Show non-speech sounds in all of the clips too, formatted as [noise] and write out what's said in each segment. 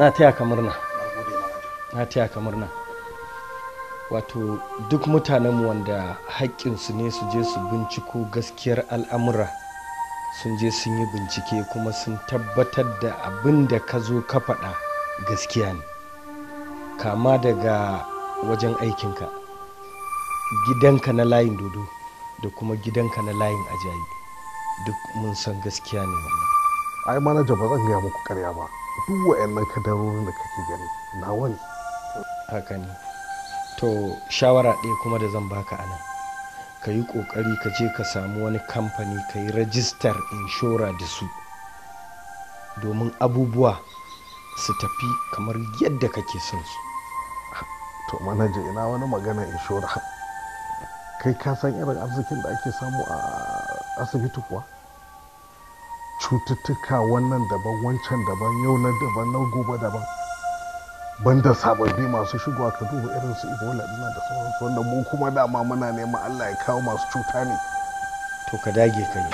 na taya ka murna na taya ka murna wato duk mutanenmu wanda su ne su je su binciko gaskiyar al'amura sun je sun yi bincike kuma sun tabbatar da abin da ka zo ka faɗa gaskiya ne kama daga wajen aikinka gidanka na layin dodo da kuma gidanka na layin ajayi duk mun san gaskiya ne wannan ai manaja ba zan gaya muku karya ba duk wa'annan kadarorin da kake gani na wani haka ne to shawara ɗaya kuma da zan baka a nan ka yi ƙoƙari ka je ka samu wani kamfani ka yi rajistar inshora da su domin abubuwa su tafi kamar yadda kake son su to manaja ina wani magana inshora kai ka san irin arzikin da ake samu a asibiti kuwa cututtuka wannan daban wancan daban yau na daban na gobe daban banda sababbi masu shigowa ka duba irin su ebola dina da sauransu wanda mu kuma dama muna neman allah ya kawo masu cuta ne to ka dage kai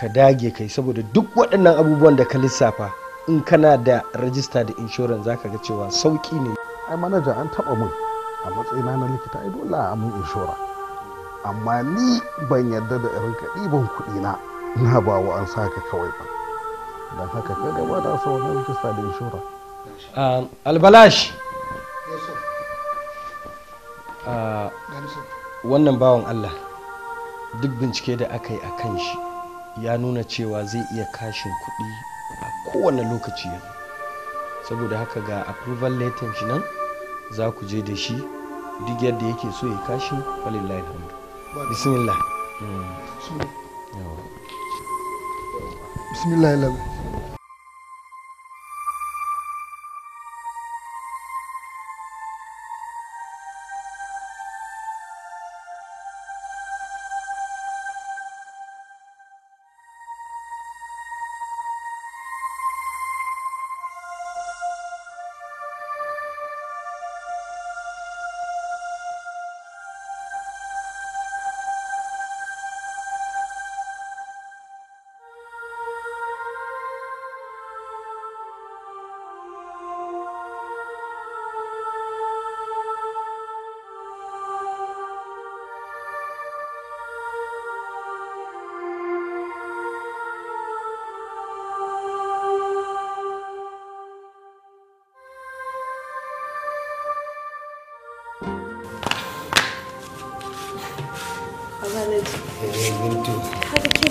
ka dage kai saboda duk waɗannan abubuwan da ka lissafa in kana da rajista da inshoran zaka ga cewa sauki ne ai manaja an taɓa mun a matsayina na likita ai dole a mun inshora amma ni ban yarda da irin kaɗiban kuɗi na na ba wa an ka kawai ba da haka kada ba na so wani rijista da inshora ah, albalash ah, wannan bawan allah duk bincike da aka yi a kan shi ya nuna cewa zai iya kashin kuɗi a kowane lokaci yanzu saboda haka ga approval letter shi nan za ku je da shi duk yadda yake so ya kashi falillahi alhamdu bismillah 阿弥陀佛。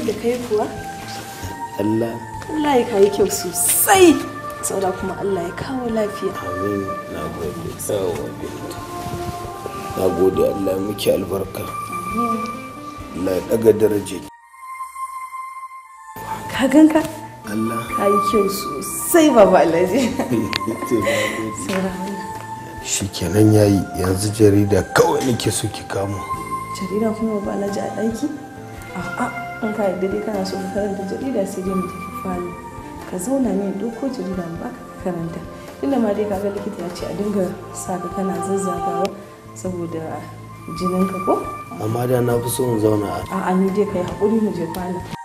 da kai kuwa Allah Allah ya kai kyau sosai saboda kuma Allah ya kawo lafiya amin na gode na gode Allah ya miki albarka Allah ya daga daraje ka ganka Allah ka yi kyau sosai baba Alhaji [laughs] shikenan yayi yanzu jarida kawai nake so ki kamo jarida kuma ba baba ji a ɗaki a'a in ka yadda dai kana so ka karanta jarida sai dai mu tafi falo ka zauna ne doko jarida mu baka ka karanta inda ma dai ga likita ya ce a dinga sa ka kana zazzagawa saboda jinin ka ko amma da na fi so in zauna a a ni dai kai hakuri mu je kwana.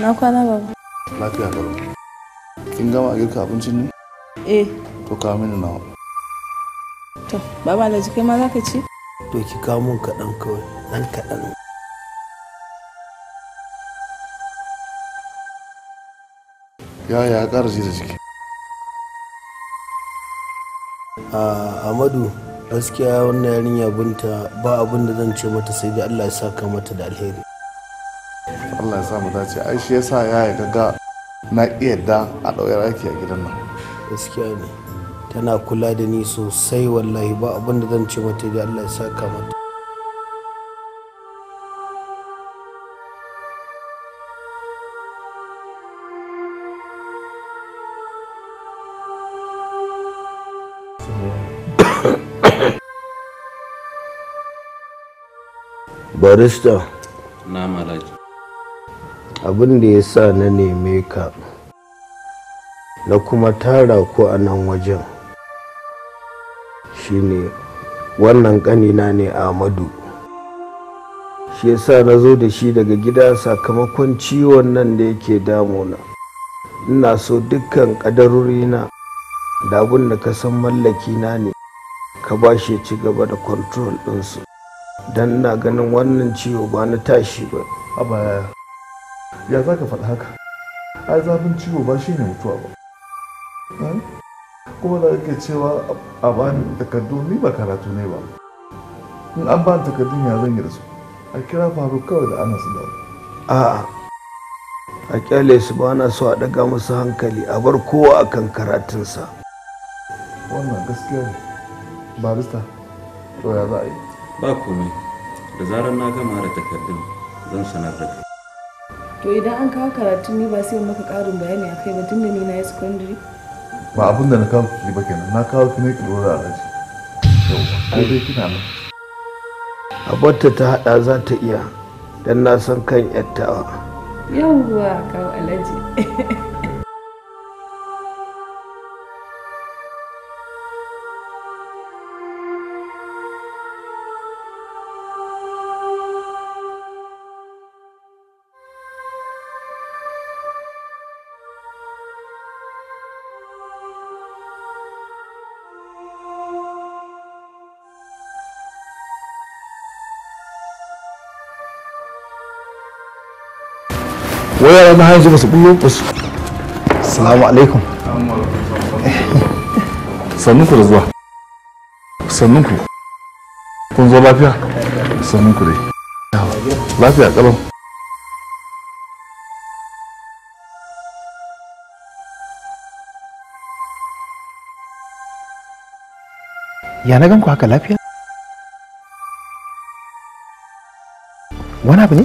na kwana baba lafiya ba. kin gama girka abincin ne eh to kawo mini nawa to baba alhaji kai ma za ka ci to ki kawo min kaɗan kawai ɗan kaɗan yaya ya ƙara ji da jiki amadu gaskiya wannan yarinya binta ba abin da zan ce mata sai da allah ya saka mata da alheri allah ya samu dace ai shi yasa ya yi ga na iya da a ɗauyar aiki a gidan nan gaskiya ne tana kula da ni sosai wallahi ba abin da zan ce mata da allah ya saka mata barista na abin da ya sa na neme ka na kuma tara ku a nan wajen Shi ne wannan ƙanina ne amadu shi ya sa na zo da shi daga gida sakamakon ciwon nan da yake damuna ina so dukkan ƙadarurina da abin da ka san mallaki na ne ka ba shi ci gaba da control ɗinsu don na ganin wannan ciwo ba na tashi ba ya za ka faɗi haka ai zafin ciwo ba shi ne mutuwa ba eh? kuma da kake cewa a bani takardu ni ba karatu ne ba in an bani takardu ya zan yi da su a kira faru kawai da ana su dawo a'a a kyale su ba na so a daga musu hankali a bar kowa a kan karatunsa wannan gaskiya ne barista to ya za a yi ba komai da zarar na gama da takardun zan sanar da kai to idan an kawo karatu ni ba sai yi maka ƙarin bayani a kai ba tun da ne na yi secondary ba abin da na kawo kiri ba kenan na kawo kuma ne ki dora alhaji ko dai kina nan abarta ta hada za ta iya don na san kan yattawa yawwa kawo alhaji [laughs] wai yaran na yanzu ba su bullo ba su assalamu alaikum sannun ku da zuwa sannun ku kun zo lafiya sannun ku dai lafiya kalau ya na gan ku haka lafiya wani abu ne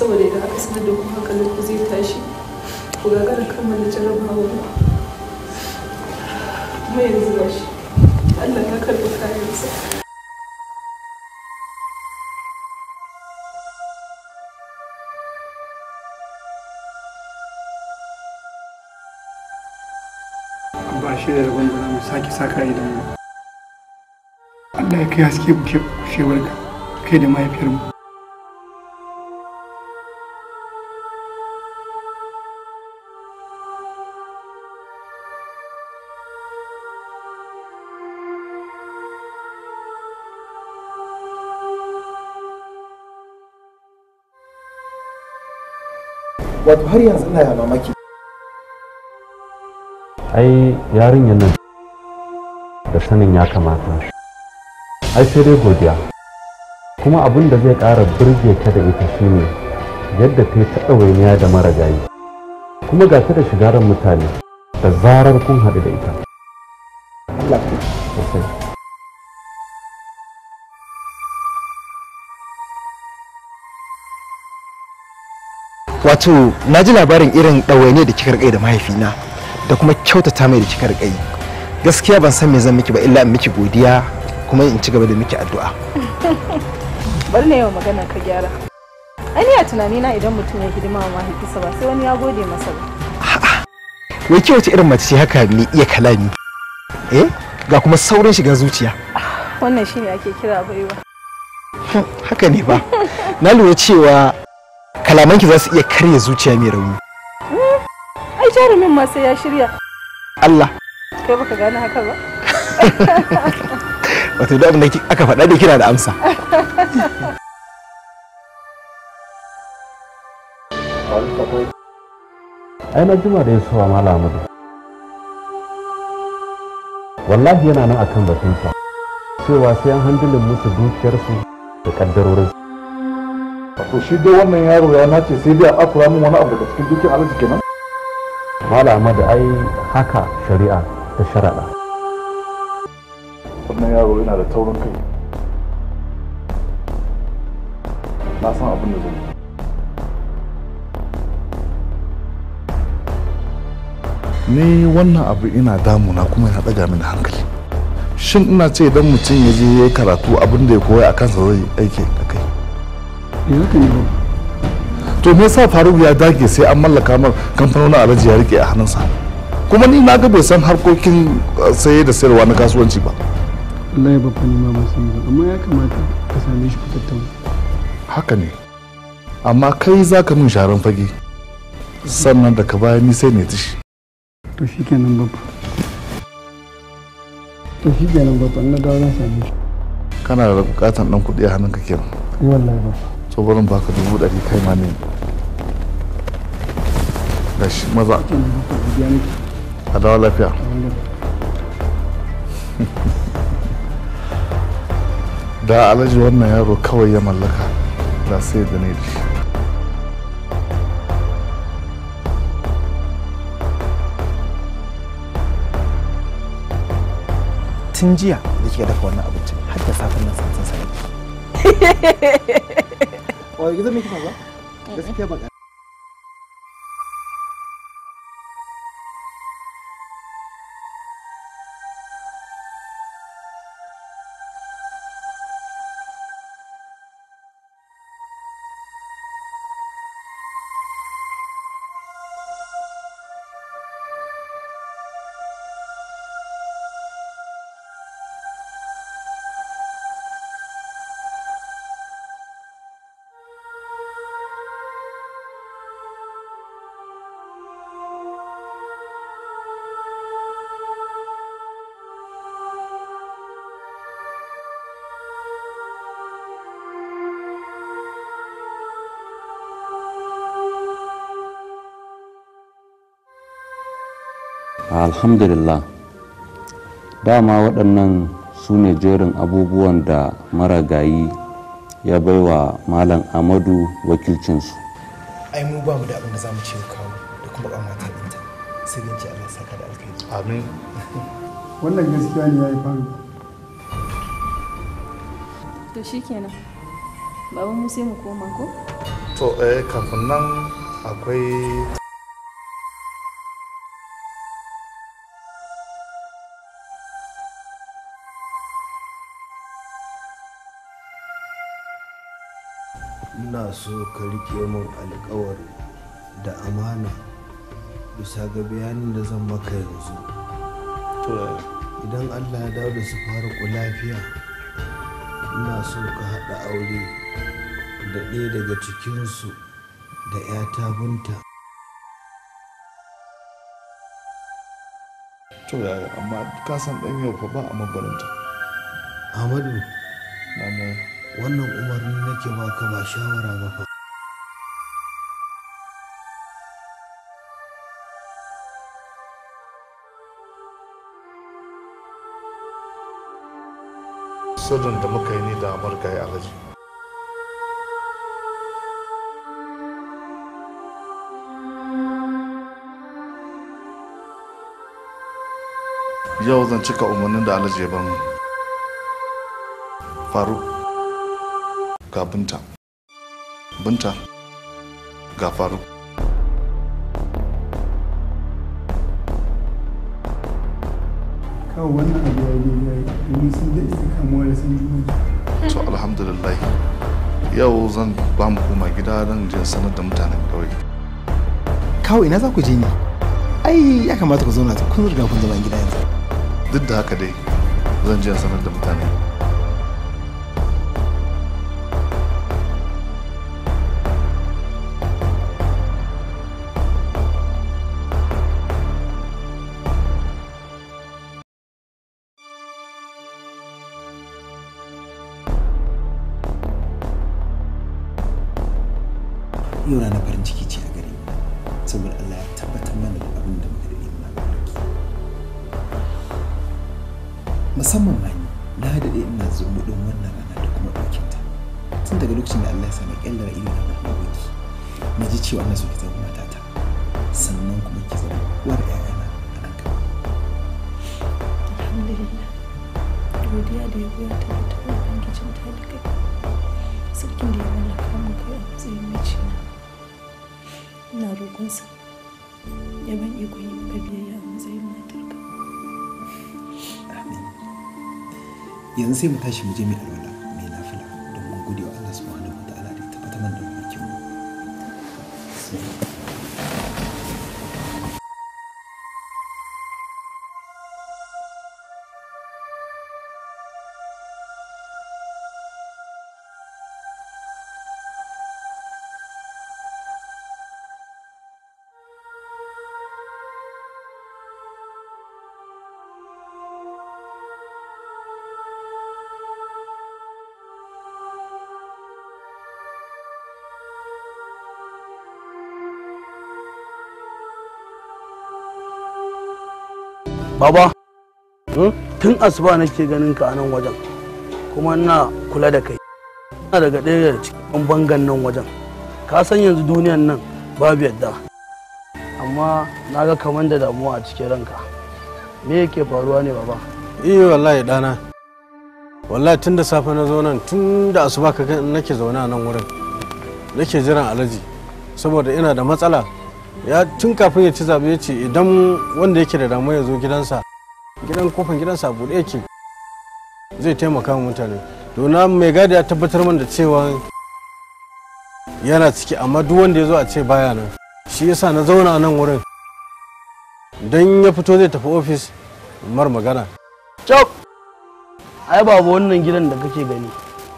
saboda idan aka sanar da kuma hankalin ku zai tashi ku gagara kammala jarabawa ba kuma yanzu ga shi Allah ya karɓi kayansa ba rabon da mu sake saka idan mu Allah ya kai haske shewar kai da mahaifiyarmu wato har yanzu ina ya mamaki ai yarinyar nan da sanin ya kamata ai sai dai godiya kuma abin da zai ƙara burge ta da ita shine yadda ta yi ta da mara gayi kuma ga ta da shigaran mutane da zarar kun haɗu da ita Allah wato na ji labarin irin ɗawainiyar da kika rikai da mahaifina da kuma kyautata mai da kika rikai gaskiya ban san me zan miki ba illa in miki godiya kuma in ci gaba da miki addu'a [laughs] bari na yawa magana ka gyara ani a tunani tunanina idan mutum ya hidima wa mahaifinsa ba sai wani ya gode masa ba wai ke wace irin mace ce haka ne iya kalami eh ga kuma saurin shiga zuciya wannan shine ake kira baiwa haka ne ba na lura cewa kalamanki za su iya karya zuciya mai rauni hmm? ai jarumin ma sai ya shirya Allah kai baka gane haka ba [laughs] wato da abin da aka faɗa da kina da amsa [laughs] ai na jima da yasuwa malamu wallahi yana nan akan batunsa cewa sai an handulin musu dukiyarsu da kaddarorinsu to shi dai wannan yaro ya nace sai dai a akura min wani abu da cikin dukkan alaji kenan wala amma da ai haka shari'a ta sharaɗa wannan yaro yana da taurin kai na san abin da zai ni wannan abu ina damuna kuma yana daga min hankali shin ina ce idan mutum ya je ya karatu abin da ya koya a kansa zai aiki a kai Eh, to me yasa faruk ya dage sai an mallaka mar kamfanonin alaji ya rike a hannunsa kuma ni na ga bai san harkokin eh, saye da sayarwa na kasuwanci ba Allah ya babba ni ma ba san ba amma ya kamata ka same shi ku tattauna haka ne amma kai za ka min sharan fage sannan da ka bayan ni sai ne tishi to shikenan babba to shikenan babba na dawo na same shi kana da bukatan dan kuɗi a hannunka kenan eh, wallahi babba to baka dubu ɗari kai ma ne da shi maza a dawa lafiya [laughs] da alaji wannan yaro kawai ya mallaka da sai da ne da shi tun jiya da ke dafa wannan abincin har da safin nan sun sani. [laughs] 어 여기서 맥주 봐봐. 네. 레시피 해봐. alhamdulillah dama waɗannan su ne jerin abubuwan da maragayi ya baiwa malam amadu wakilcinsu ai mu ba mu da abin da za mu ce kawo da kuma ƙamata ɗinta sai ce allah saka da alkhairi amin wannan gaskiya ne ya yi fami to shi kenan baban mu sai mu koma ko to eh kafin nan akwai ina so ka rike min alkawari da amana bisa ga bayanin da zan maka yanzu idan allah ya dawo da su ku lafiya ina so ka haɗa aure da ɗaya daga cikinsu da 'ya binta to yaya amma ka san 'dan yau fa ba a mabarinta amadu na wannan umarni nake baka ba shawara ba fa sojin da muka yi ni da amurka ya alhaji yau zan cika umarnin da alhaji ya bamu faruk ga binta binta ga faru. kawo wannan abu ya yi ya yi sun da isa kamuwa da sun juna to alhamdulillah yau zan ba mu koma gida don jiya sanar da mutanen kawai Kawai ina za ku je ne ai ya kamata ku zauna kun riga kun zama gida yanzu duk da haka dai zan jiya sanar da mutane Baba, hmm? tun asuba nake ganin ka a nan wajen, kuma na kula da kai. Ina daga ɗaya da cikin bangan nan wajen. Ka san yanzu duniyan nan babu yadda. Amma na ga kamar da damuwa a cikin ranka. Me yake faruwa ne baba? Eh, wallahi ɗana. Wallahi tun da safe na zo nan tun da asuba ka nake zaune a nan wurin. Nake jiran alaji saboda ina da matsala ya tun kafin ya ci zaɓe ya ce idan wanda yake da damuwa ya zo gidansa gidan kofan gidansa a buɗe yake zai taimaka wa mutane dona mai gadi ya tabbatar min da cewa yana ciki amma duk wanda ya zo a ce baya nan shi yasa na zauna nan wurin don ya fito zai tafi ofis mar magana cok ai babu wannan gidan da kake gani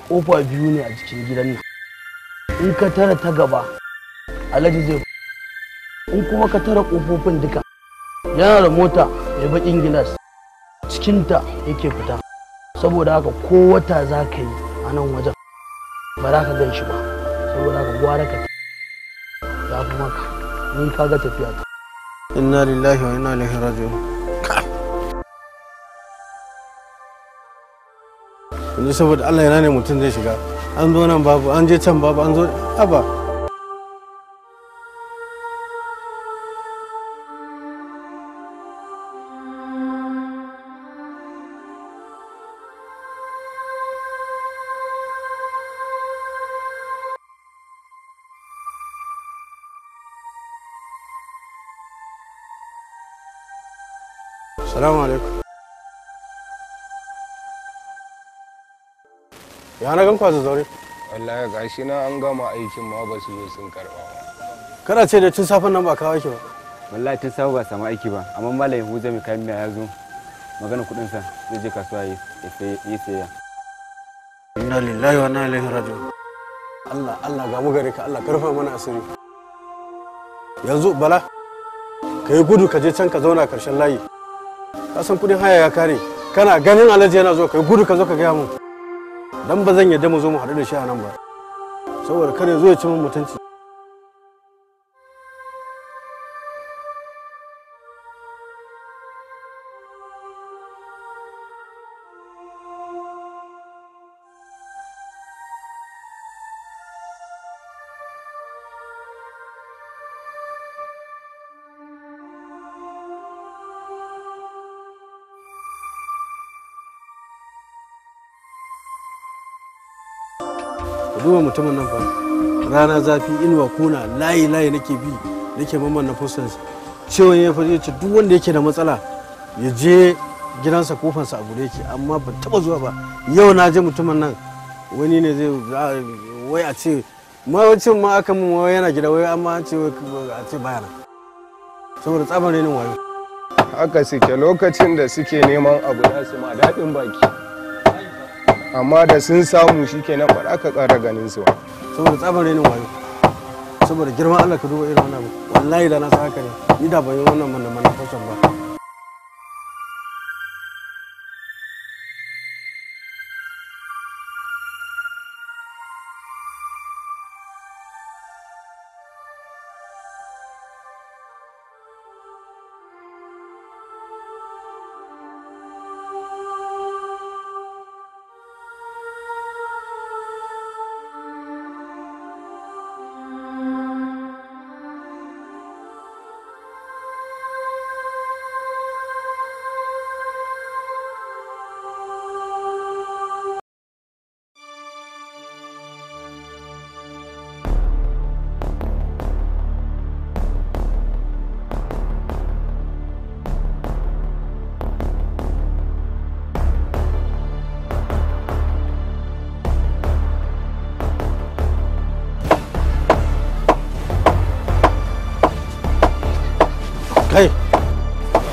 kofa biyu ne a cikin gidan nan in ka tara ta gaba alhaji zai in kuma ka tara ƙofofin duka yana da mota mai baƙin gilas cikinta yake fita saboda haka ko wata za ka yi a nan wajen ba za ka gan shi ba saboda haka gwara ka ya fi maka ni ka ga tafiya ta inna lillahi wa inna ilaihi raji'un yanzu saboda Allah yana ne mutum zai shiga an zo nan babu an je can babu an zo haba ya na gan kwasa zaure wallahi gashi na an gama aikin ma ba su zo sun karba ba kada ce da tun safen nan ba kawo ki ba wallahi tun safe ba samu aiki ba amma malam yahuza mai kayan miya ya zo magana kudin sa zai je kasuwa ya yi sayayya inna lillahi wa inna ilaihi raji'un Allah Allah ga mu gare ka Allah karfa mana asiri yanzu bala ka yi gudu ka je can ka zauna karshen layi ka san kudin haya ya kare kana ganin alhaji yana zo ka yi gudu ka zo ka gaya mu dan ba zan yarda mu zo mu haɗu da shi a nan ba saboda ya zo ya ci min mutunci mutumin nan ba rana zafi inuwa kuna layi layi nake bi nake mamman na fuskansa cewa ya fara ce duk wanda yake da matsala ya je gidansa kofansa a bude yake amma ba taba zuwa ba yau na je mutumin nan wani ne zai wai a ce mawacin ma aka mun wai yana gida wai amma an ce a ce baya nan saboda tsabar wayo haka suke lokacin da suke neman abu za su ma daɗin baki amma da sun samu shi kenan ba za ka ƙara ganin su ba saboda tsabar rainin wayo saboda girman allah ka duba irin wannan wallahi da na sa haka ne ni da ban yi wannan manaman na fashion ba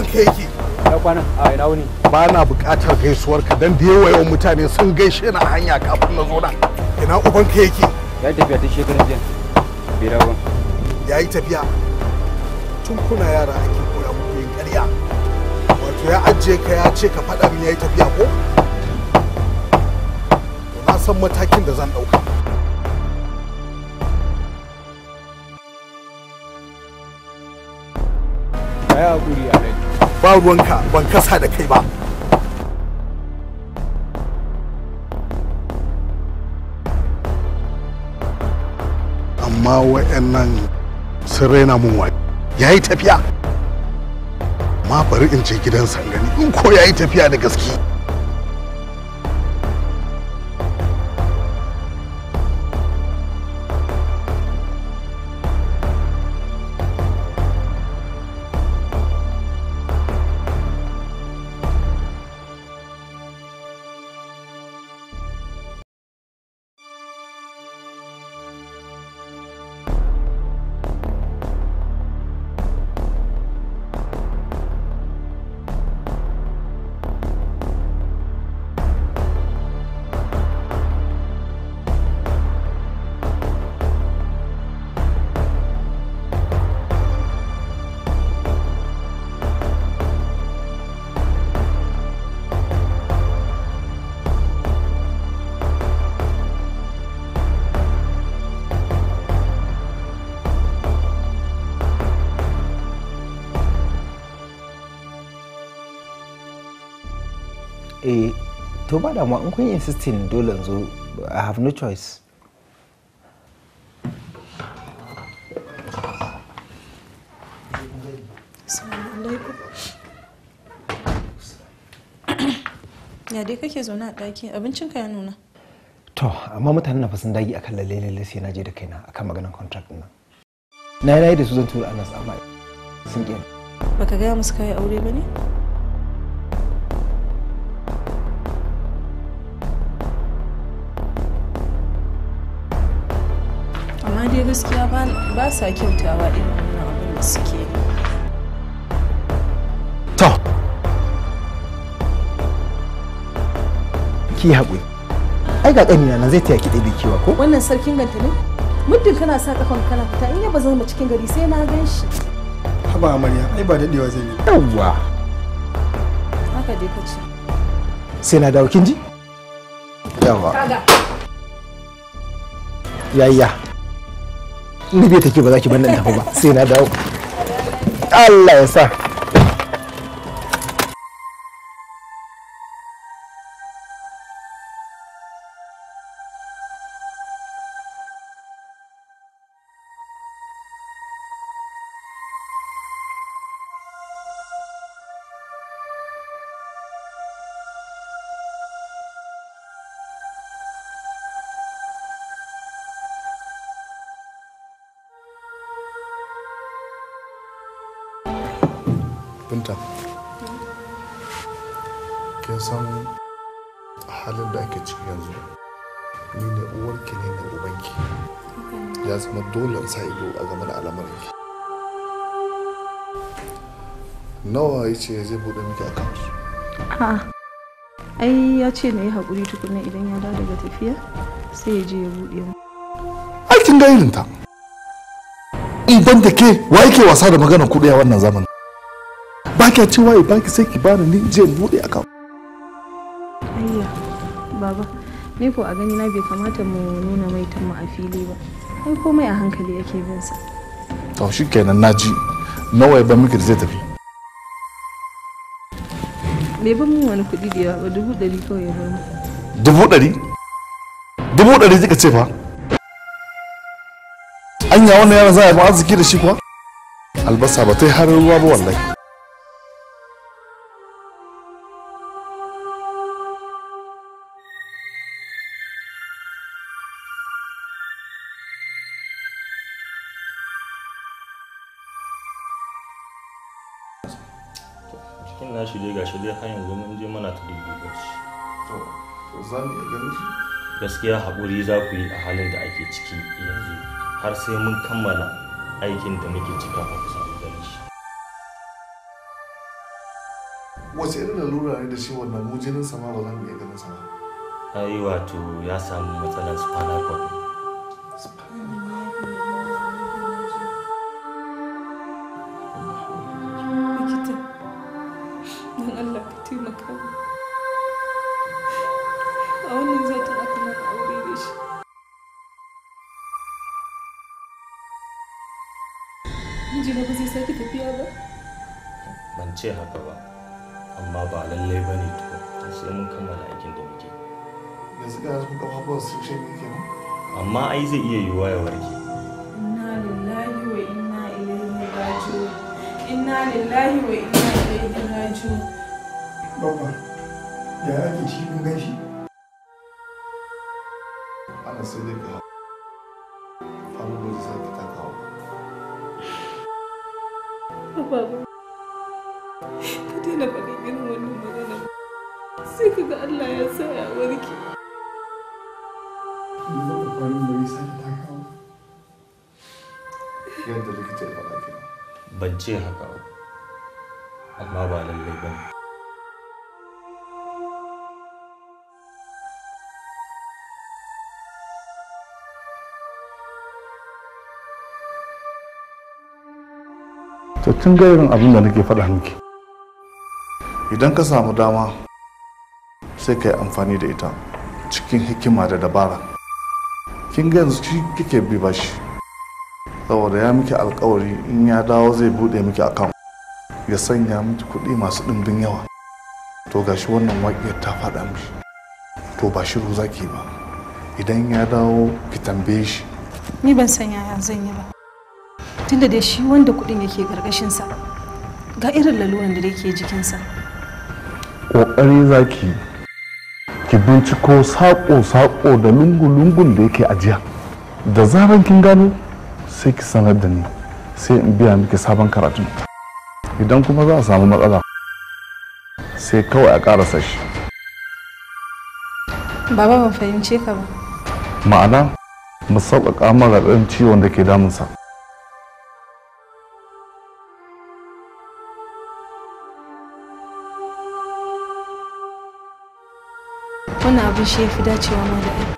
baban ka yake ya kwana a ina ba na buƙatar gaisuwar ka dan da yawa yawan mutane sun gaishe na hanya kafin na zo da. ina uban ka yake ya tafiya ta shekaran jiya bai ya yi tafiya tun kuna yara ake koya muku yin ƙarya wato ya ajiye ka ya ce ka faɗa min ya yi tafiya ko na san matakin da zan ɗauka ya haƙuri ba ruwanka ban kasa da kai ba amma wa'annan sun raina mun wani ya yi tafiya ma bari in je gidan sangani in ko ya yi tafiya da gaske to ba da in kun yi insisting dole yanzu i have no choice ya dai kake zaune a ɗaki abincinka ya nuna to amma mutanen na fasin dagi akan lalle lalle sai na je da kaina akan maganar contract nan na yi da su zan tura anas amma sun gina. baka gaya musu kayi aure ba ne amma dai gaskiya ba sa kyautawa irin wannan abin da suke to ki haƙuri ai ga ƙanina nan zai taya ki ɗebe kewa ko wannan sarkin ganta ne muddin kana sa kafan kana fita in ya ba zama cikin gari sai na gan shi haba amarya ai ba daɗewa zai yi yawwa haka dai ka ce sai na dawo kin ji yawa yayya ni bai take ba za ki ban nan tafi ba sai na dawo Allah ya sa binta kin san halin da ake ciki yanzu ni ne uwarki ne ne ubanki ya zama dole sa ido a game da al'amuranki nawa ya ce zai buɗe miki su? a'a ai ya ce na yi haƙuri tukuna idan ya dawo daga tafiya sai ya je ya buɗe mu aikin ga irinta in ban da ke wa yake wasa da magana kuɗi a wannan zamanin kake cewa ya baki sai ki bani ni je bude aka ayya baba ni ko a gani na bai kamata mu nuna mai tamma a fili ba ai komai a hankali yake bin sa to shikenan naji nawa ya ba miki zai tafi bai ban mun wani kuɗi da yawa ba dubu ɗari kawai ya bar dubu ɗari dubu ɗari zika ce fa anya wannan yaran za a yi arziki da shi kuwa albasa ba ta yi harin ruwa ba wallahi gaskiya haƙuri za ku yi a halin da ake ciki yanzu har sai mun kammala aikin da muke cika ba ku samu gani shi. wace irin lalura ne da shi wannan mu jinin sama ba za mu iya ganin sama. ai wato ya samu matsalar spinal cord ce haka amma ba lallai ba ne tun irin abin da nake faɗa miki idan ka samu dama sai ka yi amfani da ita cikin hikima da dabara kin ga yanzu kike bi bashi saboda ya miki alkawari in ya dawo zai bude miki akan ya sanya miki kuɗi masu ɗimbin yawa to gashi wannan waƙiyar ta faɗa mishi to ba shiru zaki ba idan ya dawo ki tambaye shi ni ban san yaya zan yi ba tunda da shi wanda kuɗin yake sa ga irin laluran da yake jikinsa kokari zaki ki binciko saƙo-saƙo da lungu-lungun da yake ajiya da zaran kin gano sai ki sanar da ni sai in biya miki sabon karatu. idan kuma za a samu matsala sai kawai a ƙarasa shi baba ban fahimce ka ba ma'ana mu sauƙaƙa mara ɗan ciwon da ke damunsa wannan abin shi ya fi dacewa ma da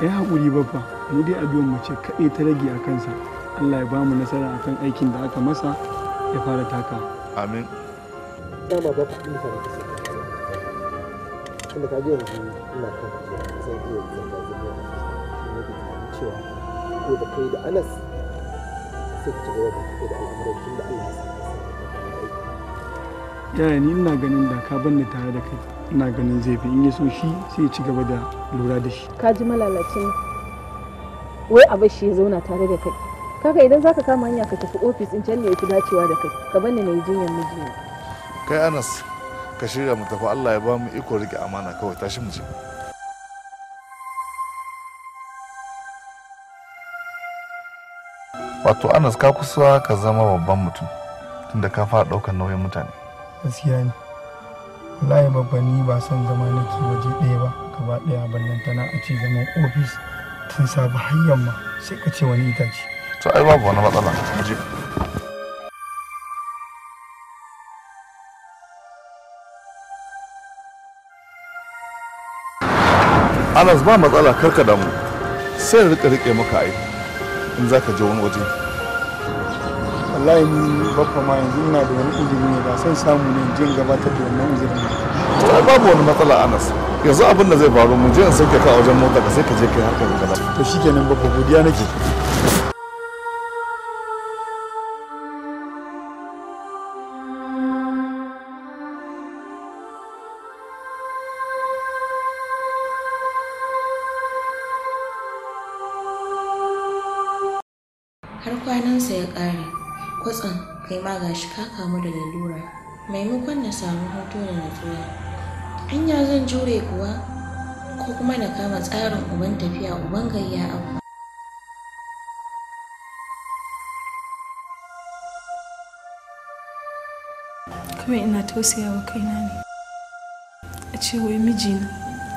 ka yi haƙuri babba mu dai abin mace kaɗai ta rage a kansa allah ya ba mu nasara a kan aikin da aka masa ya fara taka amin ni ina ganin da ka banne tare da kai ina ganin zai fi in ya so shi sai ci gaba da lura da shi ka ji malalacin wai a shi ya zauna tare da kai kaka idan zaka kama hanya ka tafi ofis in can ne yafi dacewa da kai ka bani na yi jinyar miji kai anas ka shirya mu tafi Allah ya ba mu iko rike amana kawai tashi mu je wato anas ka kusa ka zama babban mutum tunda ka fara ɗaukar nauyin mutane gaskiya ne wallahi babban ni ba son zama nake waje ɗaya ba gaba ɗaya tana a ce zaman ofis tun sabu hanyar ma sai ka ce wani ce. to ai babu wani matsala je. alas ba matsala karka damu sai rika rike maka aiki in za ka je wani waje wallahi ni bakwa ma yanzu ina da wani izini ne ba son samu ne jin gabatar da wannan izinin to ai babu wani matsala anas yanzu abin da zai faru mu je in sauke ka a wajen mota ka sai ka je kai harkar gaba to shikenan babu godiya nake har kwanansa ya ƙare kwatsan kai ma gashi ka kamu da lalura maimakon na samu hoto da natsuwa anya zan jure kuwa ko kuma na kama tsarin uban tafiya uban gayya abu kawai ina tausaya wa kaina ne a ce wai mijina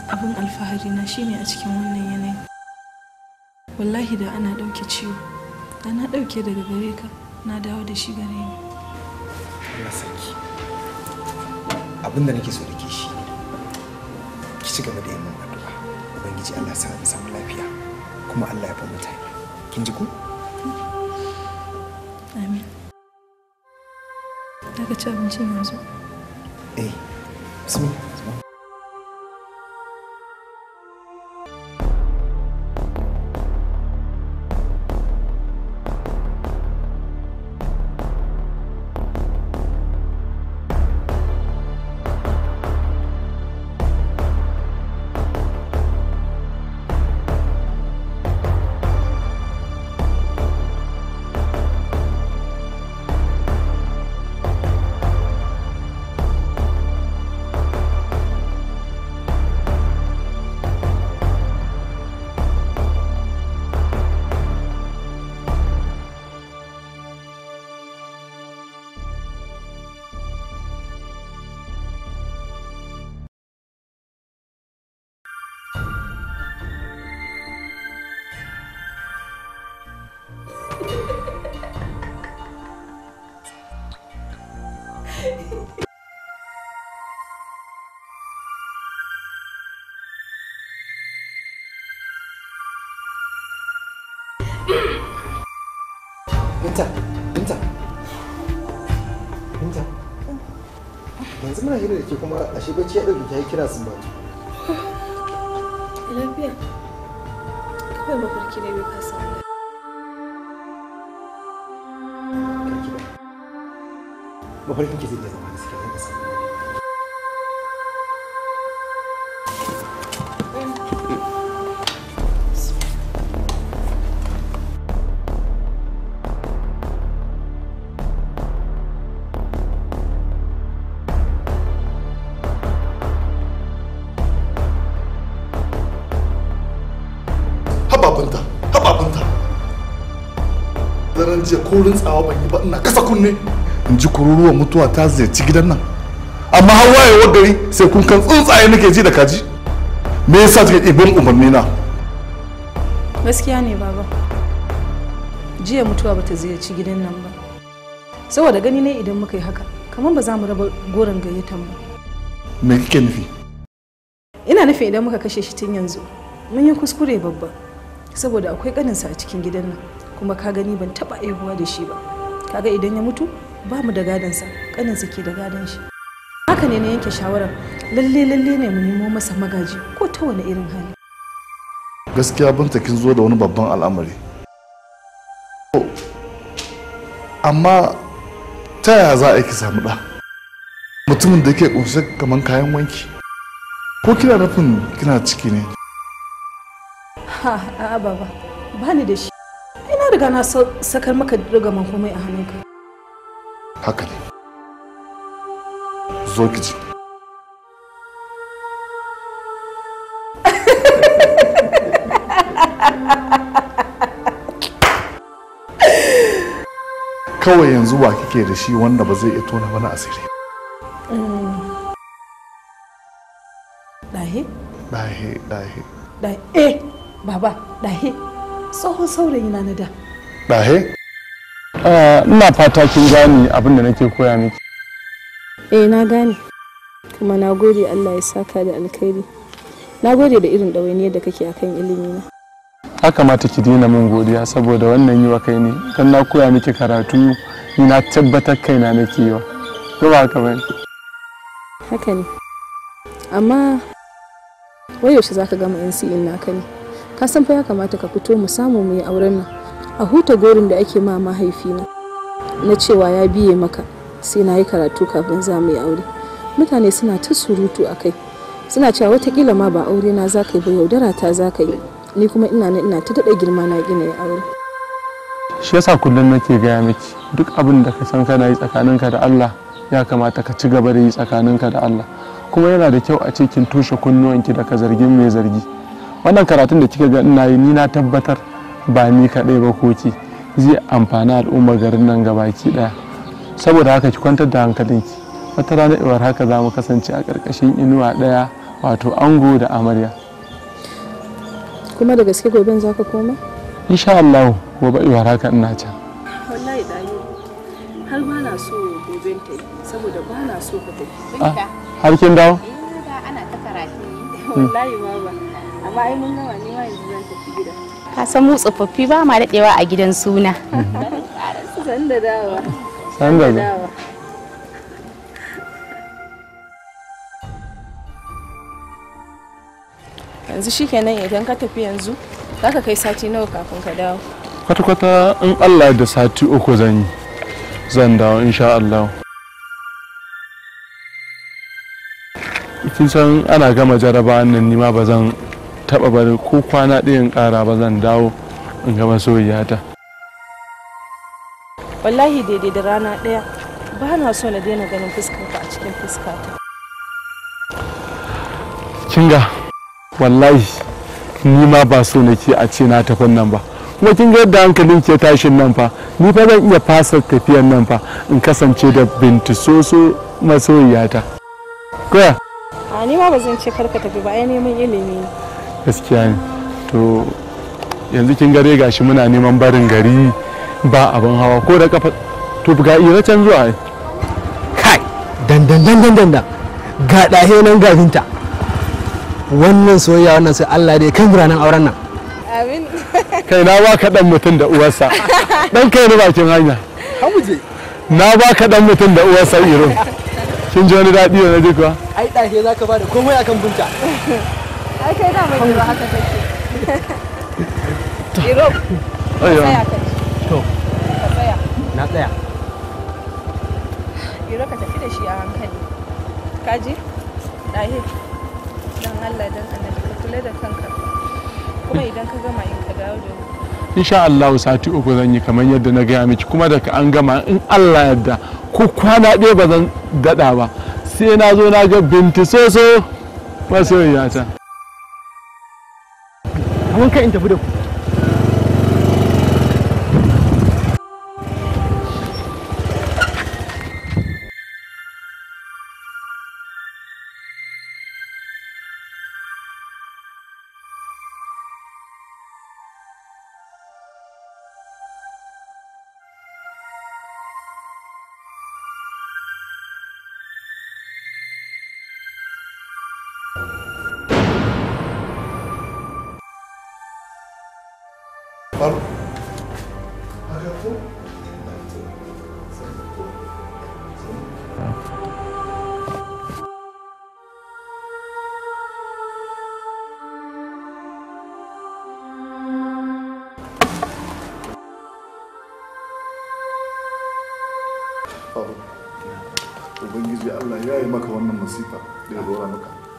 abin alfahari na shine a cikin wannan yanayi wallahi da ana ɗauke ciwo ana dauke ɗauke daga gare ka na dawo da shi gare ni Allah sarki abinda nake so da ke shi ki ci gaba da yin mun addu'a ubangiji Allah sa in samu lafiya kuma Allah ya ba mutane kin ji ku amin daga ci abincin yanzu eh bismillah hira da ke kuma a shi bacci ya ɗauke ki kira sun ba lafiya kawai mafarki ne bai fasa mafarkin ki zai iya zama gaskiya kurin tsawa ban yi ba ina kasa kunne in ji kururuwar mutuwa ta ziyarci gidan nan amma har wa gari sai kun kan tsuntsaye nake ji da kaji me yasa kika ibin umarni na gaskiya ne baba jiya mutuwa bata ziyarci gidan nan ba saboda gani ne idan muka yi haka kamar ba za mu raba goron gayyatan ba me kike nufi ina nufin idan muka kashe shi tun yanzu mun yi kuskure babba saboda akwai kaninsa a cikin gidan nan kuma ka gani ban taba aihuwa da shi ba kaga idan ya mutu ba mu da gadansa kaninsa ke da gadon shi haka ne na yanke shawarar lalle lalle ne mu nemo masa magaji ko ta wani irin hali gaskiya binta kin zo da wani babban al'amari amma ta yaya za a yi samu ɗa mutumin da yake ƙunshe kamar kayan wanki ko kina nufin kina ciki ne ha a baba bani da shi ina riga na sakar maka man komai a hannunka haka ne zo ki ji kawai yanzu wa kike da shi wanda ba zai iya tona mana asiri dahi dahi dahi dahi eh baba dahi tsohon saurayi na na da ɗahe ah, ina fata kin gane abin da nake koya miki eh na gane kuma na gode allah ya saka da alkhairi na gode da irin ɗawainiyar da kake akan ilimi na haka mata ki daina min godiya saboda wannan yiwa kai ne don na koya miki karatu ni na tabbatar kaina nake yiwa. ko ba haka bane haka ne amma wai yaushe zaka gama NCE naka ne ka san fa ya kamata ka fito mu samu mu yi auren nan a huta gorin da ake ma mahaifi na na cewa ya biye maka sai na yi karatu kafin za mu yi aure mutane suna ta surutu a kai suna cewa watakila ma ba aure na za ka yi ba yaudara ta za ka yi ni kuma ina na ina ta daɗa girma na gina ya aure shi yasa kullum nake gaya miki duk abin da ka san kana yi tsakaninka da Allah ya kamata ka ci gaba da yi tsakaninka da Allah kuma yana da kyau a cikin tushe kunnuwanki da ka zargin mai zargi wannan karatun da kika ga ina yi ni na tabbatar ba ni kaɗai ba ko ce zai amfana al'ummar garin nan gabaki ɗaya saboda haka ki kwantar da hankalinki wata rana iwar haka za mu kasance a ƙarƙashin inuwa ɗaya wato ango da amarya kuma da gaske gobe za ka koma? insha Allah gobe iwar haka ina can wallahi ɗayo har ba na so goben ta yi saboda ba na so ka tafi ah, har kin dawo? Eh, ana ta karatu wallahi ba amma ai mun ne ma yanzu zan tafi gida ka san mu tsofaffi ba ma dadewa a gidan suna [laughs] san da dawa san da dawa yanzu shikenan idan ka tafi yanzu zaka kai sati nawa kafin ka dawo kwata-kwata in allah da sati uku zan yi zan dawo insha allah kin san ana gama jarabawan nan nima ba zan taba bari ko kwana ɗayan ƙara ba zan dawo in ga masoyiyata wallahi daidai da rana ɗaya ba na so na daina ganin fuskarka a cikin fuskata kinga wallahi ni ma ba so nake a ce na tafi nan ba kuma kin ga yadda hankalin ke tashin nan fa ni fa zan iya fasa tafiyan nan fa in kasance da binti soso masoyiyata koya a ni ma ba zan ce karka tafi ba ai neman ilimi gaskiya ne to yanzu kin gare gashi muna neman barin gari ba abin hawa ko da kafa to ga iya can zuwa ai kai dandan dandan dandan ga dahe nan gafinta wannan soyayya wannan sai Allah dai kan biranen auren nan amin [laughs] kai na ba ka dan mutum da uwarsa dan kai ne bakin hanya hamuje na ba ka dan mutum da uwarsa irin kin ji wani daɗi ne kuwa ai dahe zaka ba da komai akan bunta? [laughs] ai kai da mai ba haka take iro tsaya kai to ka tsaya na tsaya iro ka tafi da shi a hankali kaji dahi dan Allah dan annabi ka kula da kanka kuma idan ka gama in ka dawo da insha Allah sati uku zan yi kamar yadda na gaya miki kuma daga an gama in Allah yadda ko kwana ɗaya ba zan daɗa ba sai na zo na ga binti soso masoyiyata ruwan kai in tafi da ku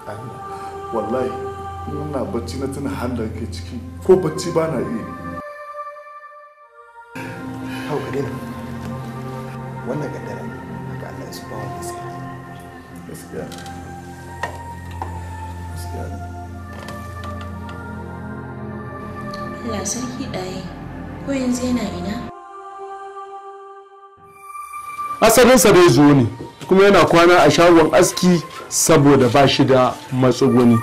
Allah wallahi ina bacci na tuna halin ke ciki ko bacci ba na iya hau ka wannan ne Allah ya su gaskiya Allah sarki ɗaya ko yanzu yana ina asalinsa dai zo ne kuma yana kwana a shagon aski saboda ba shi da matsuguni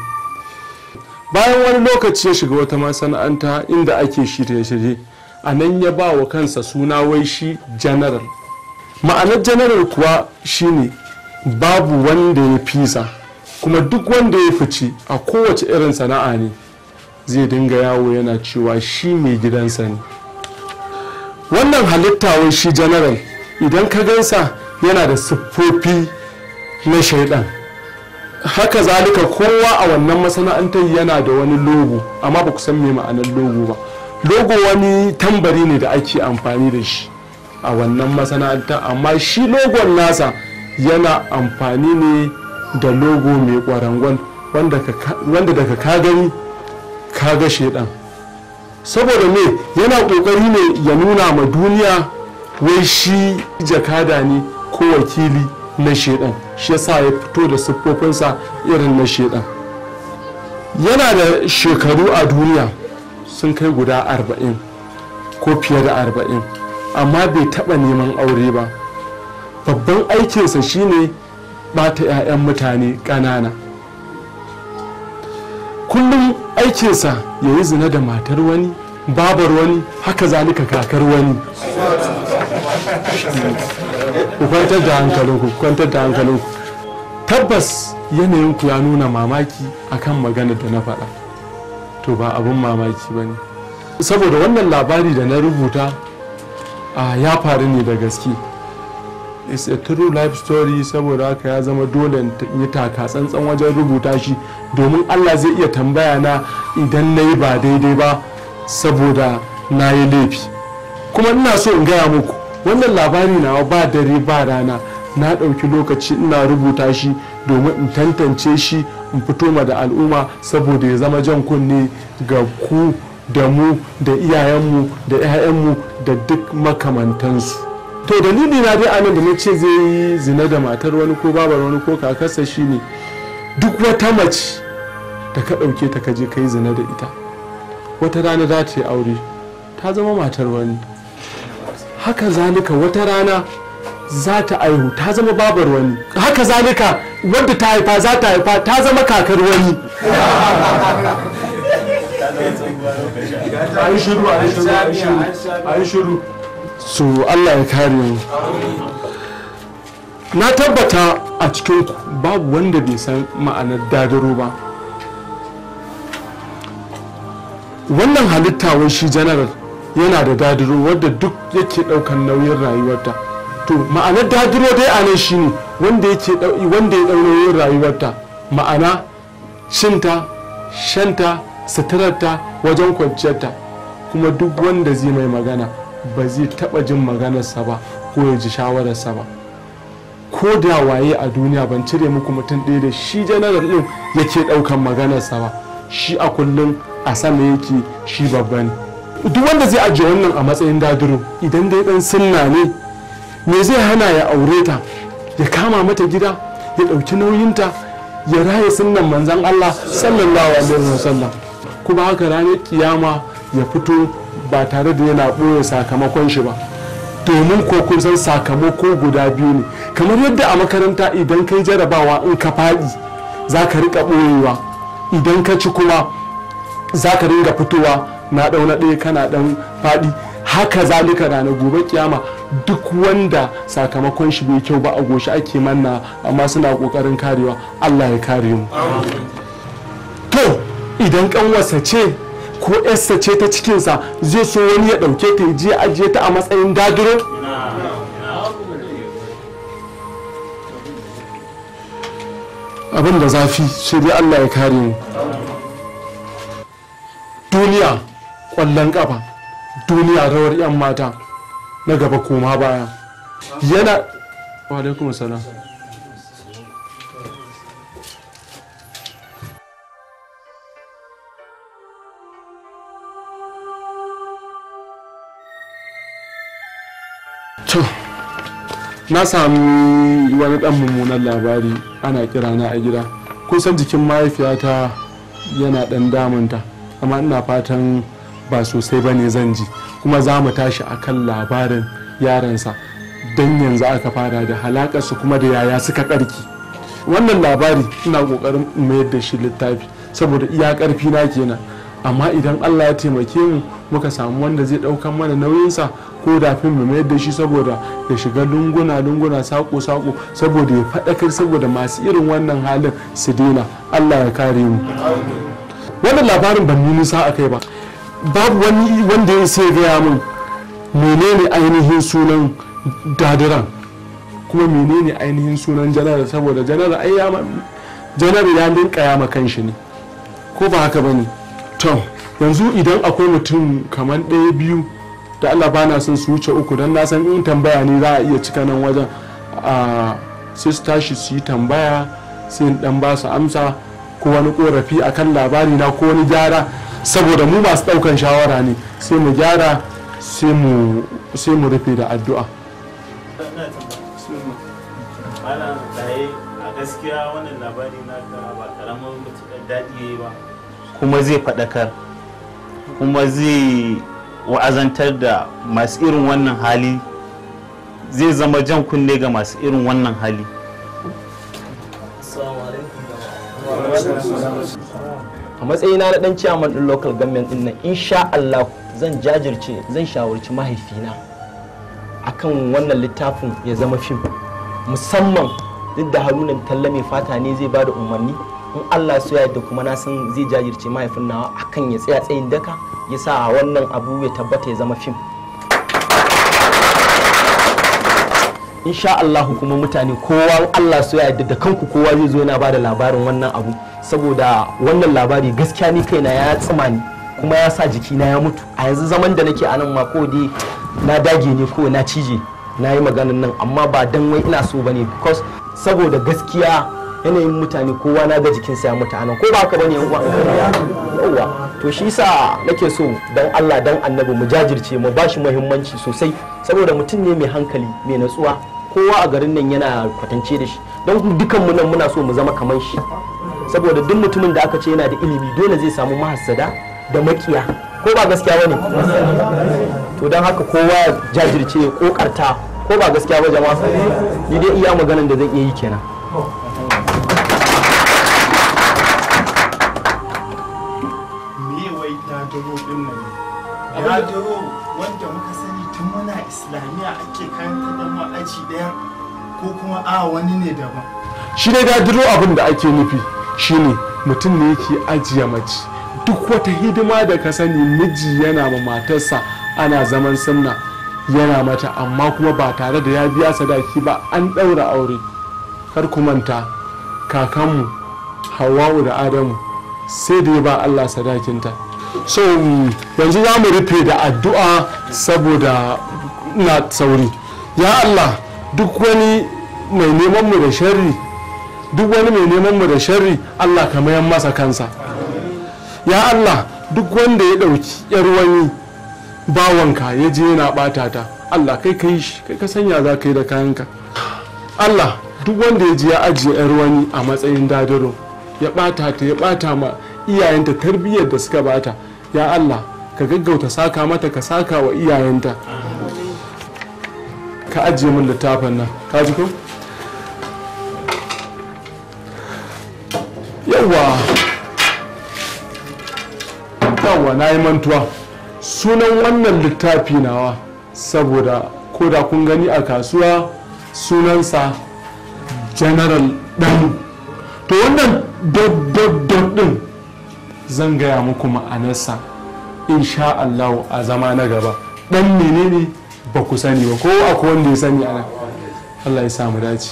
bayan wani lokaci ya shiga wata masana'anta inda ake shirye-shirye a nan ya ba wa kansa suna wai shi ma'anar general kuwa shine babu wanda ya fisa kuma duk wanda ya fice a kowace irin sana'a ne zai dinga yawo yana cewa shi mai gidansa ne wannan halitta wai shi general idan ka gansa yana da siffofi na shaidan haka zalika kowa a wannan masana'antar yana da wani logo amma ba ku san me ma'anar logo ba logo wani tambari ne da ake amfani da shi a wannan masana'antar amma shi logon nasa yana amfani ne da logo mai kwarangon wanda daga ka gani ka ga shaidan saboda me yana kokari ne ya nuna ma duniya wai shi jakada ne ko wakili na shedan shi yasa ya fito da siffofinsa irin na shedan yana da shekaru a duniya sun kai guda arba'in ko fiye da arba'in amma bai taɓa neman aure ba babban aikinsa shine bata 'ya'yan mutane ƙanana kullum aikinsa ya yi zina da matar wani babar wani haka zalika kakar wani ku kwantar da hankalinku kwantar da hankalinku tabbas yanayinku ya nuna mamaki akan maganar da na faɗa to ba abin mamaki ba ne saboda wannan labari da na rubuta ya faru ne da gaske it's a true life story saboda haka ya zama dole yi taka tsantsan wajen rubuta shi domin allah zai iya tambaya na idan na yi ba daidai ba saboda na yi laifi kuma ina so in gaya muku wannan labari na ba dare ba rana na ɗauki lokaci ina rubuta shi domin in tantance shi in fito ma da al'umma saboda ya zama jan kunne ga ku da mu da iyayenmu da 'ya'yanmu da duk makamantansu to dalili na dai anan da nace zai yi zina da matar wani ko babar wani ko kakarsa shine duk wata mace da ka ɗauke ta kaje je ka zina da ita wata rana za ta yi aure ta zama matar wani haka zalika wata rana za ta aihu ta zama babar wani haka zalika wadda ta haifa za ta haifa ta zama kakar wani so allah ya kare mu na tabbata a cikin babu wanda bai san ma'anar dadaro ba wannan halitta shi janaral yana da dadiro wadda duk yake daukan nauyin rayuwarta to ma'anar dadiro dai a nan shi wanda wanda ya dau nauyin rayuwarta ma'ana cinta shanta suturarta wajen kwanciyarta kuma duk wanda zai mai magana ba zai taba jin maganarsa ba ko ya ji shawararsa ba ko da waye a duniya ban cire muku mutum ɗaya da shi janaral ɗin yake ɗaukan maganarsa ba shi a kullum a sama yake shi babba ne duk wanda zai ajiye wannan a matsayin dadiro idan dai dan sunna ne me zai hana ya aure ta ya kama mata gida ya ɗauki nauyinta ya raya sunnan manzan Allah sallallahu alaihi wasallam kuma haka ranar kiyama ya fito ba tare da yana ɓoye sakamakon shi ba domin ko kun san sakamako guda biyu ne kamar yadda a makaranta idan kai jarabawa in ka faɗi za ka riƙa ɓoyewa idan ka ci kuma za ka ringa fitowa na ɗauna ɗaya kana ɗan faɗi haka zalika na gobe kiyama duk wanda sakamakon shi bai kyau ba a goshi ake manna amma suna ƙoƙarin karewa allah ya kare mu to idan ƙanwarsa ce ko yarsa ce ta cikinsa zai so wani ya ɗauke ta je ajiye ta a matsayin dadiro abin da zafi sai dai allah ya kare mu duniya ƙwallon ƙafa duniya rawar 'yan mata na gaba koma baya yana alaikum salam na sami wani dan mummunan labari ana kira kirana a gida Kusan jikin mahaifiyata yana dan damunta amma ina fatan ba sosai ba ne zan ji kuma za mu tashi a kan labarin yaransa don yanzu aka fara da halakarsu kuma da yaya suka karki wannan labari ina kokarin mayar da shi littafi saboda iya karfi na kenan amma idan allah ya taimake mu muka samu wanda zai ɗaukan mana nauyinsa ko da fim mu mayar da shi saboda ya shiga lunguna lunguna sako sako saboda ya faɗakar saboda masu irin wannan halin su daina allah ya kare mu wannan labarin ban yi nisa a kai ba babu wani wanda ya sai gaya min menene ainihin sunan dadiran kuma menene ainihin sunan janar saboda janar ai ya janar ya dinka ya makan shi ne ko ba haka bane to yanzu idan akwai mutum kamar ɗaya biyu da Allah na son su wuce uku dan na san in tambaya ne za a iya cika nan wajen a ah, sai su su yi tambaya sai dan ba su amsa ko wani korafi akan labari na ko wani gyara saboda mu masu daukan shawara ne sai mu gyara sai mu rufe da addu'a kuma zai faɗakar kuma zai wa'azantar da masu irin wannan hali zai zama jan kunne ga masu irin wannan hali a matsayina na dan ciyaman din local government din nan insha Allah zan jajirce zan shawarci mahaifina akan wannan littafin ya zama fim musamman duk da harunan talla mai fata ne zai bada umarni in Allah so ya yadda kuma na san zai jajirce mahaifin nawa akan ya tsaya tsayin daka ya sa wannan abu ya tabbata ya zama fim insha Allah kuma mutane kowa Allah su ya yarda da kanku kowa zai zo yana bada labarin wannan abu saboda wannan labari gaskiya ni kaina ya tsima ni kuma ya sa na ya mutu a yanzu zaman da nake anan nan ma ko dai na dage ne ko na cije na yi maganin nan amma ba dan wai ina so bane because saboda gaskiya yanayin mutane kowa na ga jikinsa ya mutu anan ko ba ka bane yan uwa yawa to shi yasa nake so dan Allah dan annabi mu jajirce mu bashi muhimmanci sosai saboda mutum ne mai hankali mai natsuwa kowa a garin nan yana kwatance da shi don dukan mu nan muna so mu zama kamar shi saboda duk mutumin da aka ce yana da ilimi dole zai samu mahassada da makiya ko ba gaskiya bane to don haka kowa jajirce kokarta ko ba gaskiya ba jama'a ni dai iya maganar da zan iya yi kenan adaro wanda muka sani tun muna Islamiya ake karanta da mu aji ko kuma a wani ne daban shi dai abin da ake nufi shine mutum ne yake ajiye mace duk wata hidima da ka sani miji yana ma matarsa ana zaman sunna yana mata amma kuma ba tare da ya biya sadaki ba an ɗaura aure kar ku manta kakanmu hawa'u da adamu sai da ya ba allah sadakinta so um, yanzu za mu rufe da addu'a saboda na sauri ya allah duk wani mai neman mu da sharri duk wani mai neman mu da sharri allah ka mayan masa kansa ya allah duk wanda ya ɗauki yar wani bawanka ya je yana ɓata ta allah kai kai shi kai ka sanya za ka yi da kayanka allah duk wanda ya je ya ajiye yar wani a matsayin dadaro ya ɓata ta ya ɓata ma iyayenta tarbiyyar da suka bata ya Allah ka gaggauta saka mata ka saka wa iyayenta ka ajiye min littafin nan ka ji ko yawa yawa na yi mantuwa sunan wannan littafi nawa saboda koda kun gani a kasuwa sunansa general ɗan to wannan dot zan gaya muku ma'anarsa insha Allah a zama na gaba ɗan menene ba ku sani ba ko akwai wanda ya sani ana Allah ya samu dace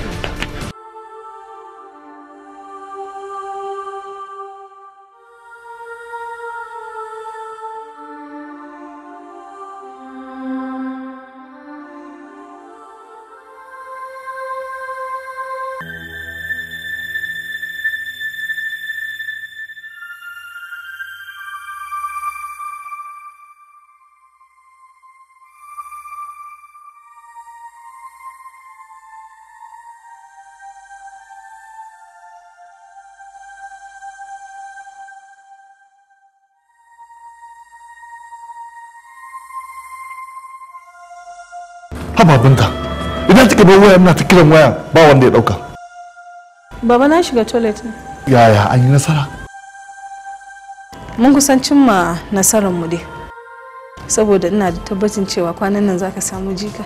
ɗaukar waya na ta kiran waya ba wanda ya ɗauka baba na shiga toilet ne yaya an yi nasara mun kusan cimma nasarar mu dai saboda ina da tabbacin cewa kwanan nan zaka samu jika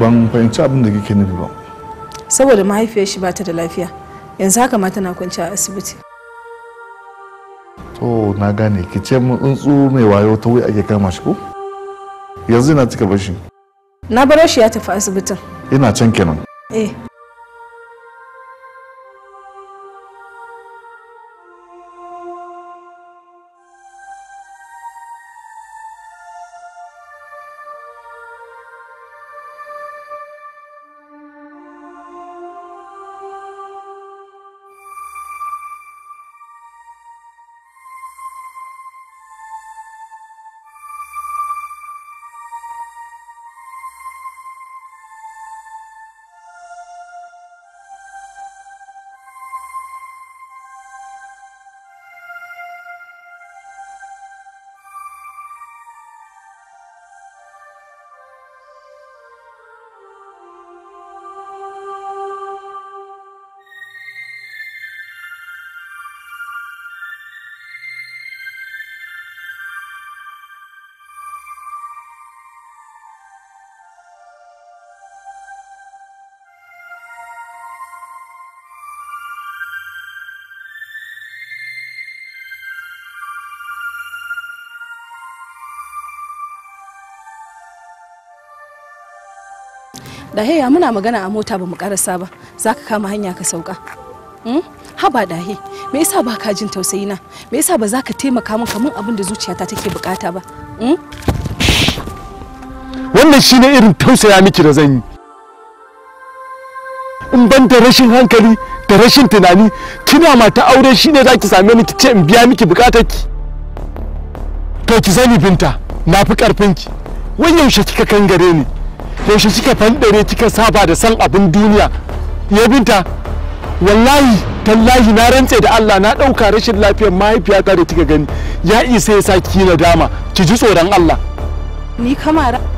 ban fahimci abin da kike nufi ba saboda mahaifiyar shi bata da lafiya yanzu haka ma tana kwanci a asibiti to na gane ki ce mun tsuntsu mai wayo ta wuya ake kama shi ko yanzu na cika bashi na baro shi ya tafi asibitin ina can kenan eh da heya muna magana a mota ba mu karasa ba za ka kama hanya ka sauka hmm? haba dahe me yasa baka jin tausayi na me yasa ba za ka taimaka min kamar abin da zuciya ta take bukata ba hmm? wannan shine irin tausaya miki da zan yi in ban da rashin hankali da rashin tunani kina mata aure shine za ki same ni ki ce in biya miki bukatar ki to ki sani binta na fi karfin ki wani yaushe kika kangare ni Yaushe shi kika fandare kika saba da san abin duniya ya binta wallahi tallahi na rantse da Allah na ɗauka rashin lafiyar mahaifiyata da kika gani ya isa ya sa dama ki ji tsoron Allah ni kamara